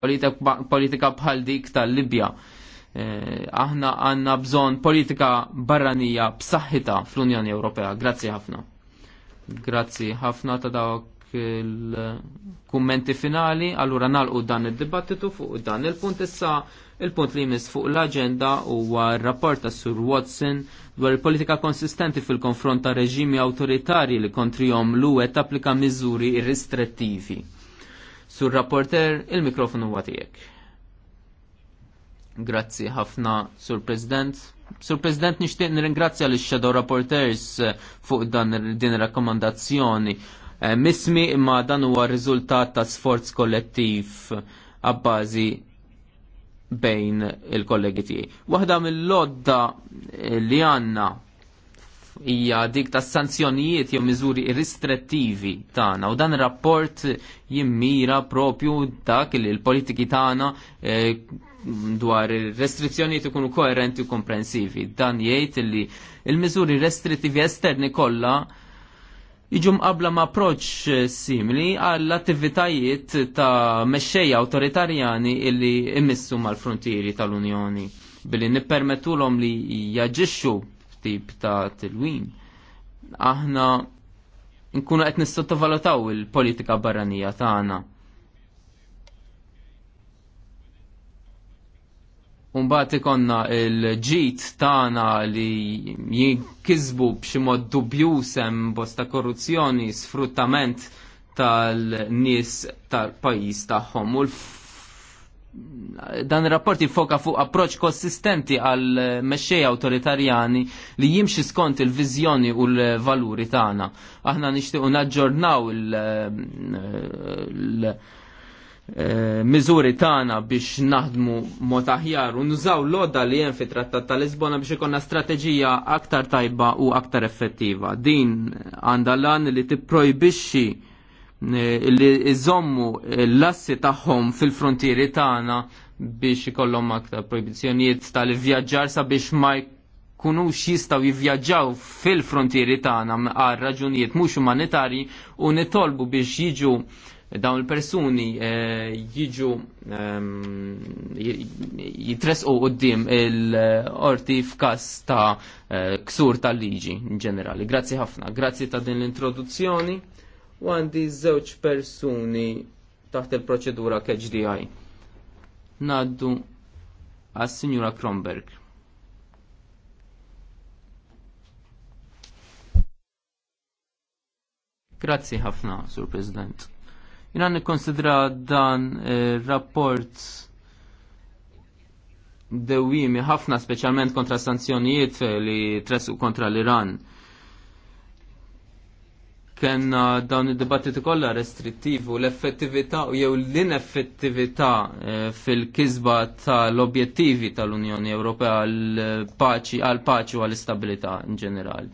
politika bħal dik tal-Libja. Eh, aħna għanna bżon politika barranija b'saħħita fl-Unjoni Ewropea. Grazzi ħafna. Grazzi ħafna ta' dawk il-kummenti finali. Allura nalqu dan id-dibattitu fuq dan il-punt issa il-punt li jmiss fuq l-agenda huwa r-rapport ta' Sur Watson dwar il-politika konsistenti fil-konfront ta' reġimi awtoritarji li kontrihom l-UE tapplika miżuri ristrettivi. Sur rapporter, il-mikrofonu għatijek. Grazzi ħafna, Sur President. Sur President, nishtiq nirringrazzja l shadow Rapporters eh, fuq dan din rakkomandazzjoni. Eh, mismi imma dan huwa riżultat ta' sforz kollettiv għabbażi eh, bejn il-kollegi tiegħi. Waħda mill-lodda li għandna hija dik ta' sanzjonijiet jew miżuri ristrettivi tagħna u dan rapport jimmira propju dak li l-politiki tagħna eh, dwar restrizzjonijiet ikunu koerenti u komprensivi. Dan jgħid li l-miżuri restrittivi esterni kollha jiġu mqabbla ma' approċċ simili għall attivitajiet ta' mexxejja awtoritarjani illi immissu mal-frontieri tal-Unjoni billi nippermettu l-om li jaġixxu tip ta' tilwin, aħna nkunu qed nistottovalutaw il-politika barranija tagħna. Umbat ikonna il-ġit tagħna li jinkisbu b'xi mod dubjus hemm bosta korruzzjoni, sfruttament tal-nies tal-pajjiż tagħhom u l dan ir-rapport jifoka fuq approċ konsistenti għal mexxej awtoritarjani li jimxi skont il-viżjoni u l-valuri tagħna. Aħna nixtiequ naġġornaw il- eh, miżuri tagħna biex naħdmu mod aħjar u nużaw l-odda li hemm fit-Trattat ta' Lisbona biex ikonna strateġija aktar tajba u aktar effettiva. Din għandha lan li tipprojbixxi Eh, li iżommu l-assi tagħhom fil-frontieri tagħna biex ikollhom aktar proibizzjonijiet tal-vjaġġar sabiex ma jkunux jistgħu jivvjaġġaw fil-frontieri tagħna għal raġunijiet mhux umanitarji u nitolbu biex jiġu dawn il-persuni eh, jiġu ehm, jitresqu qoddim il-orti f'kas ta' eh, ksur tal-liġi in ġenerali. Grazzi ħafna, grazzi ta' din l-introduzzjoni u għandi żewġ persuni taħt il-proċedura KGDI. Naddu għas sinjura Kronberg. Grazzi ħafna, Sur President. Jina nikkonsidra dan eh, rapport dewimi ħafna speċjalment kontra sanzjonijiet li tressu kontra l-Iran kena dawn id-dibattiti kollha restrittivi u l-effettività u jew l-ineffettività eh, fil-kisba tal-objettivi tal-Unjoni Ewropea għal-paċi għal-paċi u għall istabilità in ġenerali.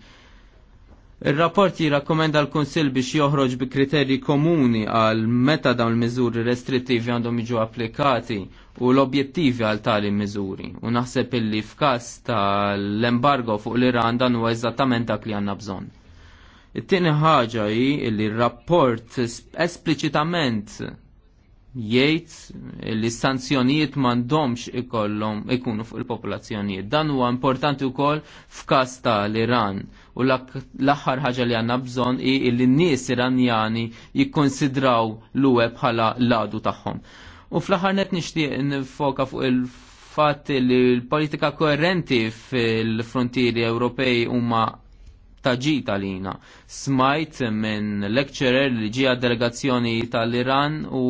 Ir-rapport jirrakkomenda l kunsill biex joħroġ bi kriterji komuni għal meta dawn il-miżuri restrittivi għandhom jiġu applikati u l-objettivi għal tali miżuri. U naħseb illi f'każ tal-embargo fuq l-Iran dan huwa eżattament dak li għandna bżonn. It-tieni ħaġa hi li r-rapport espliċitament jgħid li sanzjonijiet m'għandhomx ikollhom ikunu fuq il-popolazzjonijiet. Dan huwa importanti wkoll f'każ tal-Iran u l-aħħar ħaġa li għandna bżonn hi li n-nies Iranjani jikkonsidraw l-UE bħala ladu tagħhom. U fl-aħħar net nixtieq nifoka fuq il fatt li l-politika koerenti fil-frontieri Ewropej huma tal-ina. Smajt minn lecturer li ġija delegazzjoni tal-Iran u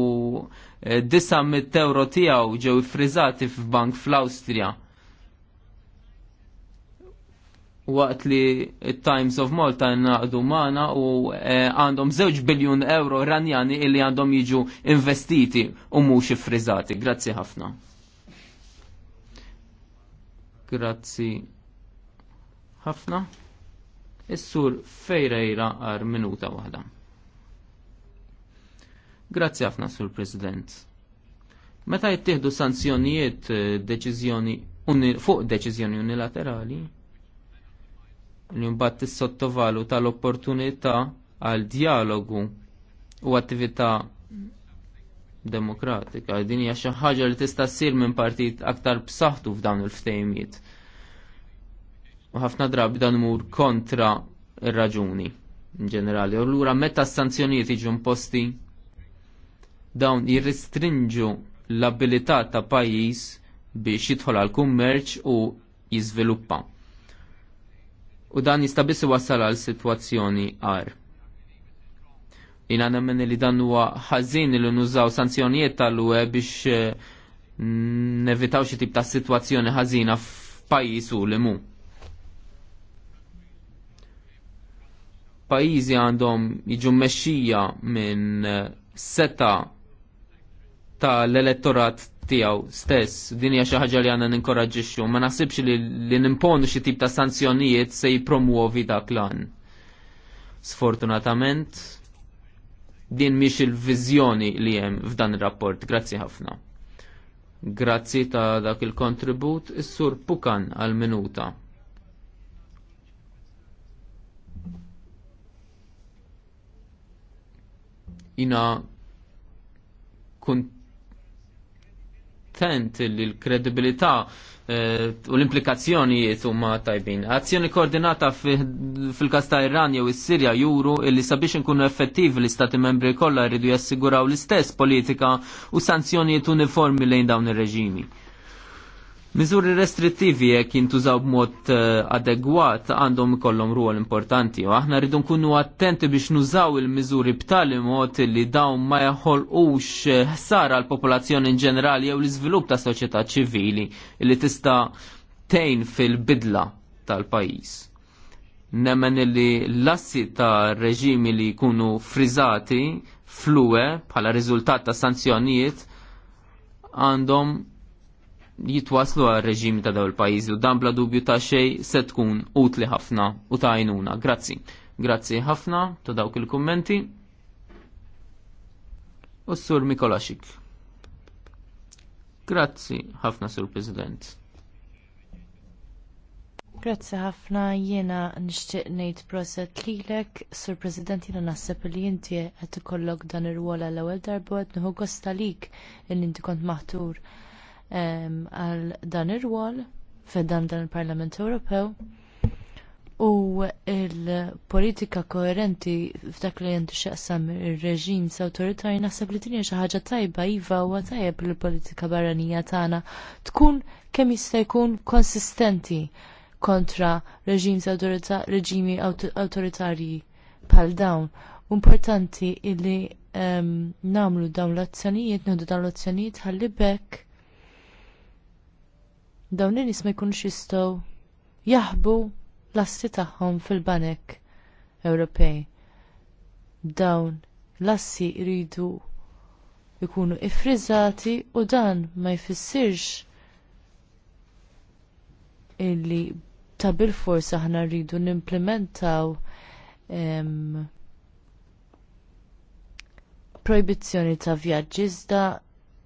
eh, disa mit euro tijaw ġew frizzati f'bank fl-Austria. Waqt li Times of Malta naqdu mana u eh, għandhom e, zewġ biljun euro ranjani illi għandhom jiġu investiti u mhux frizzati. Grazzi ħafna. Grazzi ħafna. Is-sur Fejrejra għar minuta waħda. Grazzi ħafna, sur President. Meta jittieħdu sanzjonijiet eh, deċiżjoni fuq deċiżjoni unilaterali, li mbagħad tissottovalu tal-opportunità għal dialogu u attività demokratika. Din hija xi ħaġa li tista' ssir minn partit aktar b'saħħtu f'dawn il-ftejmiet u ħafna drabi dan mur kontra ir-raġuni ġenerali. U lura meta s sanzjoniet iġu imposti dawn jirristrinġu l-abilità ta' pajjiż biex jidħol għal kummerċ u jiżviluppa. U dan jista' biss iwassal għal sitwazzjoni għar. Ina nemmen li dan huwa ħażin li nużaw sanzjonijiet tal-UE biex eh, nevitaw xi tip ta' sitwazzjoni ħażina f'pajjiż u li mu. pajjiżi għandhom jiġu mmexxija minn eh, seta tal-elettorat tiegħu stess. Din hija xi ħaġa li għandna ninkoraġġixxu. Ma naħsibx li, li nimponu xi tip ta' sanzjonijiet se jippromuovi dak lan. Sfortunatament, din miex il-vizjoni li hemm f'dan ir-rapport. Grazzi ħafna. Grazzi ta' dak il-kontribut, is-sur Pukan għal-minuta. Jina kontent li l-kredibilità eh, u l-implikazzjonijiet huma tajbin. Azzjoni koordinata fil-kas ta' Iran jew is-Sirja juru li sabiex inkunu effettivi l-istati membri kollha jridu jassiguraw l-istess politika u sanzjonijiet uniformi lejn dawn ir-reġimi. Miżuri restrittivi jekk jintużaw b'mod eh, adegwat għandhom ikollhom ruol importanti u aħna rridu nkunu attenti biex nużaw il-miżuri b'tali mod li dawn ma jaħolqux eh, ħsara l-popolazzjoni in ġenerali jew l-iżvilupp ta' soċjetà ċivili li tista' tejn fil-bidla tal-pajjiż nemmen li l-assi ta' reġimi li jkunu frizati flue bħala riżultat ta' sanzjonijiet għandhom jitwaslu għal reġim ta' daw il-pajizi u dan bla dubju ta' xej se tkun utli ħafna u ta' għajnuna. Grazzi. Grazzi ħafna ta' dawk il-kommenti. U s-sur Mikolaxik. Grazzi ħafna sur President. Grazzi ħafna jiena nixtieq ngħid proset lilek, sur President jiena naħseb li inti qed ikollok dan ir-rwol l ewwel darbot nħu nieħu gosta lik li inti kont maħtur għal dan ir-rwol f'dan dan il-Parlament Ewropew u il-politika koerenti f'dak li jentu xaqsam il-reġim s autoritari naħseb li dinja xi ħaġa tajba iva u tajjeb il politika barranija tagħna tkun kemm jista' jkun konsistenti kontra reġimi awtoritarji bħal dawn. Importanti illi um, namlu dawn l-azzjonijiet, nħdu dawn l-azzjonijiet għalli bekk dawn in-nies ma jkunux jistgħu jaħbu l-assi tagħhom fil-banek Ewropej. Dawn l-assi jridu jkunu ifriżati u dan ma jfissirx illi ta' bilfors aħna rridu nimplementaw proibizzjoni ta' vjaġġi iżda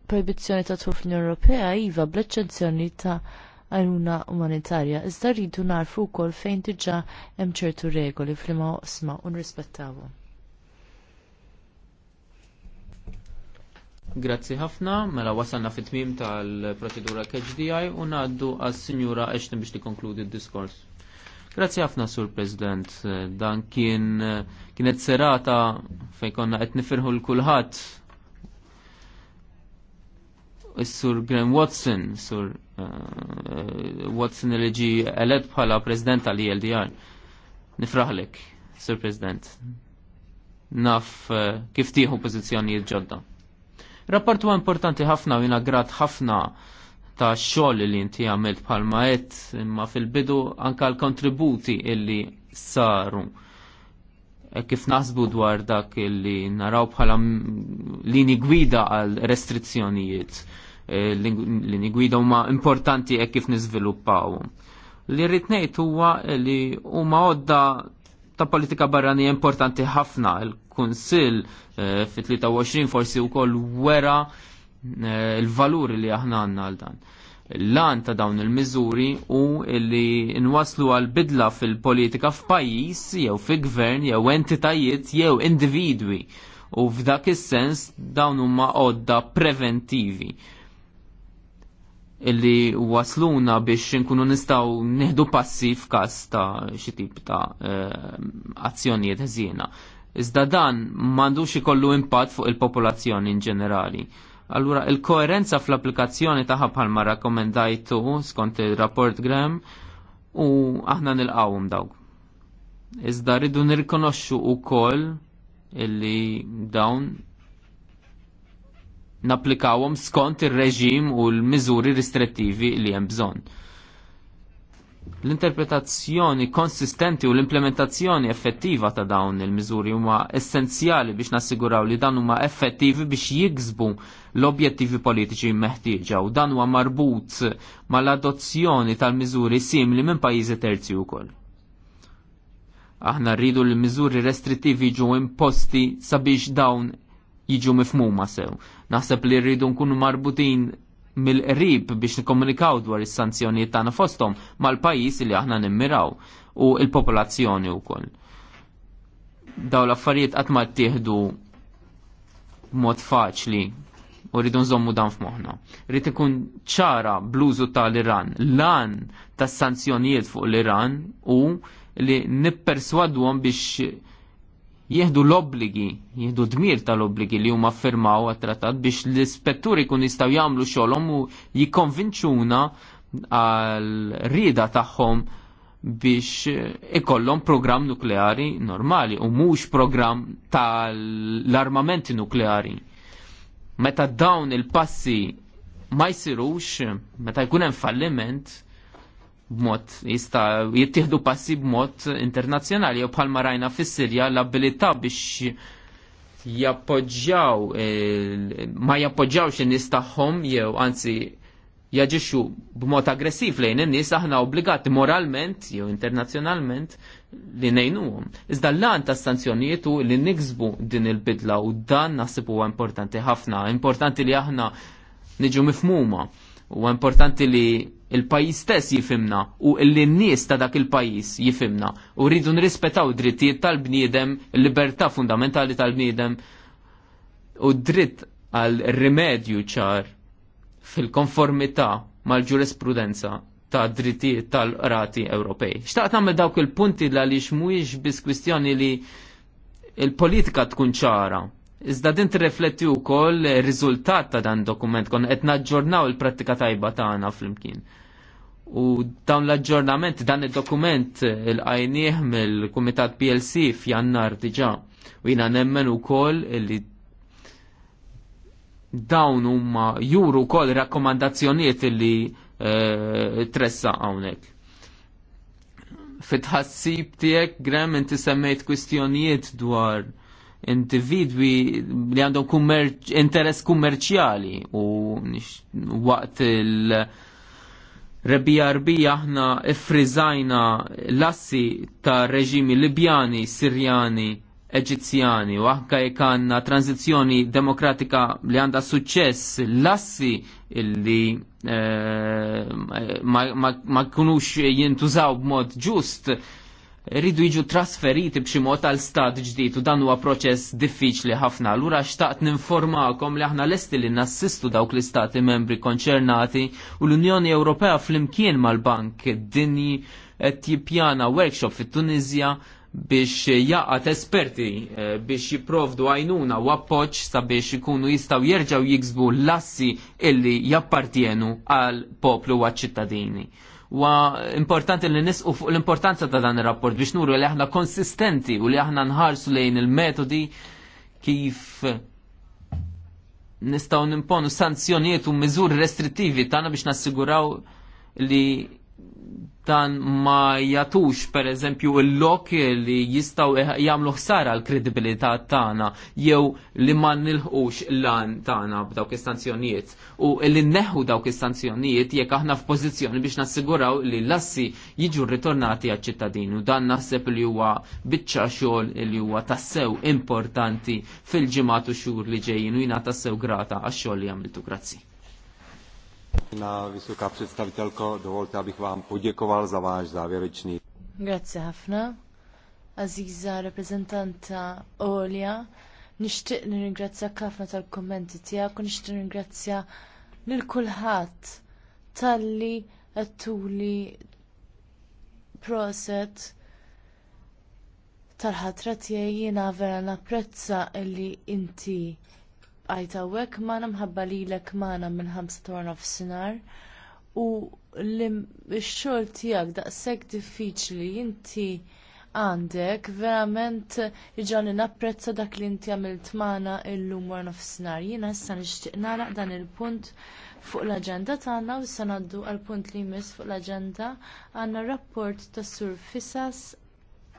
proibizzjoni ta' tħuf l Ewropea iva bl eċċenzjoni ta' għajnuna umanitarja. Iżda rridu narfu wkoll fejn diġà hemm ċertu regoli fl-ma osma u nrispettawhom. Grazzi ħafna, mela wasalna fit tmim tal procedura KHDI u ngħaddu għas-Sinjura Eshtin biex tikkonkludi d-diskors. Grazzi ħafna sur President, dan kien kienet serata fejn konna qed nifirħu l kulħadd is-sur Graham Watson, sur uh, uh Watson li ġi eled bħala president tal-ILDR. Nifraħlek, sur president. Naf uh, kif tieħu pożizzjonijiet ġodda. Rapport huwa importanti ħafna u grat ħafna ta' xogħol li inti għamilt bħalma qed imma fil-bidu anka l-kontributi illi saru e kif naħsbu dwar dak li naraw bħala lini gwida għal restrizzjonijiet l-linji eh, gwida huma importanti hekk kif niżviluppawhom. Li rritnejt ngħid huwa li huma għodda ta' politika barranija importanti ħafna. Il-Kunsill eh, fit-23 forsi wkoll wera eh, il-valuri li aħna għandna għal dan. L-lan ta' dawn il-miżuri u li nwaslu għal bidla fil-politika f'pajjiż jew fil gvern jew entitajiet jew individwi u f'dak is-sens dawn huma għodda preventivi illi wasluna biex nkunu nistaw neħdu passi f'każ ta' xi tip ta' eh, azzjonijiet ħżiena. Iżda dan m'għandux ikollu impatt fuq il-popolazzjoni in ġenerali. Allura il-koerenza fl-applikazzjoni taħħa bħalma rakkomendajtu skont il-rapport Graham u aħna nilqawhom dawk. Iżda rridu nirrikonoxxu wkoll illi dawn napplikawhom skont ir-reġim u l-miżuri ristrettivi li hemm bżonn. L-interpretazzjoni konsistenti u l-implementazzjoni effettiva ta' dawn il-miżuri huma essenzjali biex nassiguraw li dan huma effettivi biex jiksbu l-objettivi politiċi meħtieġa u dan huwa marbut mal-adozzjoni tal-miżuri simili minn pajjiżi terzi wkoll. Aħna rridu li miżuri restrittivi ġu imposti sabiex dawn jiġu mifmuma sew. Naħseb li rridu nkunu marbutin mill-qrib biex nikkomunikaw dwar is-sanzjonijiet tagħna fosthom mal-pajjiż li aħna nimmiraw u l-popolazzjoni wkoll. Daw l-affarijiet qatt ma ttieħdu mod faċli u rridu nżommu dan f'moħħna. Rrid ikun ċara bluzu tal-Iran, lan tas sanzjonijiet fuq l-Iran u li nipperswadwhom biex jieħdu l-obbligi, jieħdu dmir tal-obbligi li huma firmaw għat-trattat biex l-ispetturi kun jistaw jagħmlu xogħolhom u jikkonvinċuna għal rida tagħhom biex ikollhom programm nukleari normali u mhux programm tal-armamenti nukleari. Meta dawn il-passi ma jsirux, meta jkun hemm falliment, b'mod jista' jittieħdu passi b'mod internazzjonali jew bħalma rajna fis-Sirja l-abilità biex jappoġġjaw ma jappoġġjawx in-nies tagħhom jew anzi jaġixxu b'mod aggressiv lejn in-nies aħna obbligati moralment jew internazzjonalment li ngħinuhom. Iżda l-lan tas sanzjonijiet u li niksbu din il-bidla u dan naħseb huwa importanti ħafna, importanti li aħna niġu mifmuma. Huwa importanti li il-pajis stess jifimna u l-nies ta' dak il-pajis jifimna u rridu nrispetaw drittijiet tal-bniedem, libertà fundamentali tal-bniedem u dritt għal rimedju ċar fil-konformità mal-ġurisprudenza ta' drittijiet tal-rati Ewropej. Xtaqt nagħmel dawk il-punti l għaliex mhuwiex bis kwistjoni li l politika tkun ċara Iżda din tirrifletti wkoll ir-riżultat ta' dan dokument kon qed naġġornaw il-prattika tajba tagħna flimkien. U dawn l-aġġornament dan id-dokument il-qajnieh mill-Kumitat PLC f'Jannar diġà. U jiena nemmen ukoll li dawn huma juru wkoll rakkomandazzjonijiet li eh, tressa hawnhekk. Fit-ħassib tiegħek Graham inti semmejt kwistjonijiet dwar individwi li għandhom kummerċ, interess kummerċjali u waqt il- Rebija rbija aħna ifriżajna lassi ta' reġimi Libjani, Sirjani, Eġizzjani u anka jekk għandna tranzizzjoni demokratika li għandha suċċess lassi illi eh, ma kunux jintużaw b'mod ġust rridu jiġu trasferiti b'xi mod għal stat ġdid u dan huwa proċess diffiċli ħafna. Allura xtaqt ninformakom li aħna lesti li nassistu dawk l-istati membri konċernati u l-Unjoni Ewropea flimkien mal-Bank Dinji qed jippjana workshop fit-Tunizja biex jaqat esperti eh, biex jiprovdu għajnuna u appoċ sabiex ikunu jistaw jerġgħu jiksbu l-assi illi jappartienu għal poplu u ċittadini. Wa importanti li nisqu fuq l-importanza ta' dan ir-rapport biex nuru li aħna konsistenti u li aħna nħarsu lejn il-metodi kif nistaw nimponu sanzjoniet u miżur restrittivi tagħna biex nassiguraw li dan ma jatux per eżempju il-lok li jistaw eh, jamlu ħsara l-kredibilità tagħna jew li ma nilħux l-lan tagħna b'dawk istanzjonijiet u li neħu dawk istanzjonijiet jekk aħna f'pożizzjoni biex nassiguraw li l-assi jiġu ritornati għal ċittadini u dan naħseb li huwa biċċa xogħol li huwa tassew importanti fil-ġimgħat u xhur li ġejjin u jiena tassew grata għax-xogħol li għamiltu. Grazzi. Na vysoká představitelko, dovolte, abych vám poděkoval za váš závěrečný. Grazie ħafna. Aziza, reprezentanta Olja, nixtieq nirringrazzjak ħafna tal-kommenti tiegħek u nixtieq nirringrazzja lil kulħadd talli għattuli proset tal-ħatra tiegħi jiena vera napprezza illi inti għajtawek maħna mħabba li l-ek maħna minn ħamsa torna f-sinar u l-xol tijak daqshekk diffiċli inti għandek verament iġani napprezza dak li inti għamilt magħna illum wara nofsinhar. Jiena issa nixtieq nagħlaq dan il-punt fuq l-aġenda tagħna u issa ngħaddu għall punt li jmiss fuq l-aġenda għandna r rapport tas Sur Fisas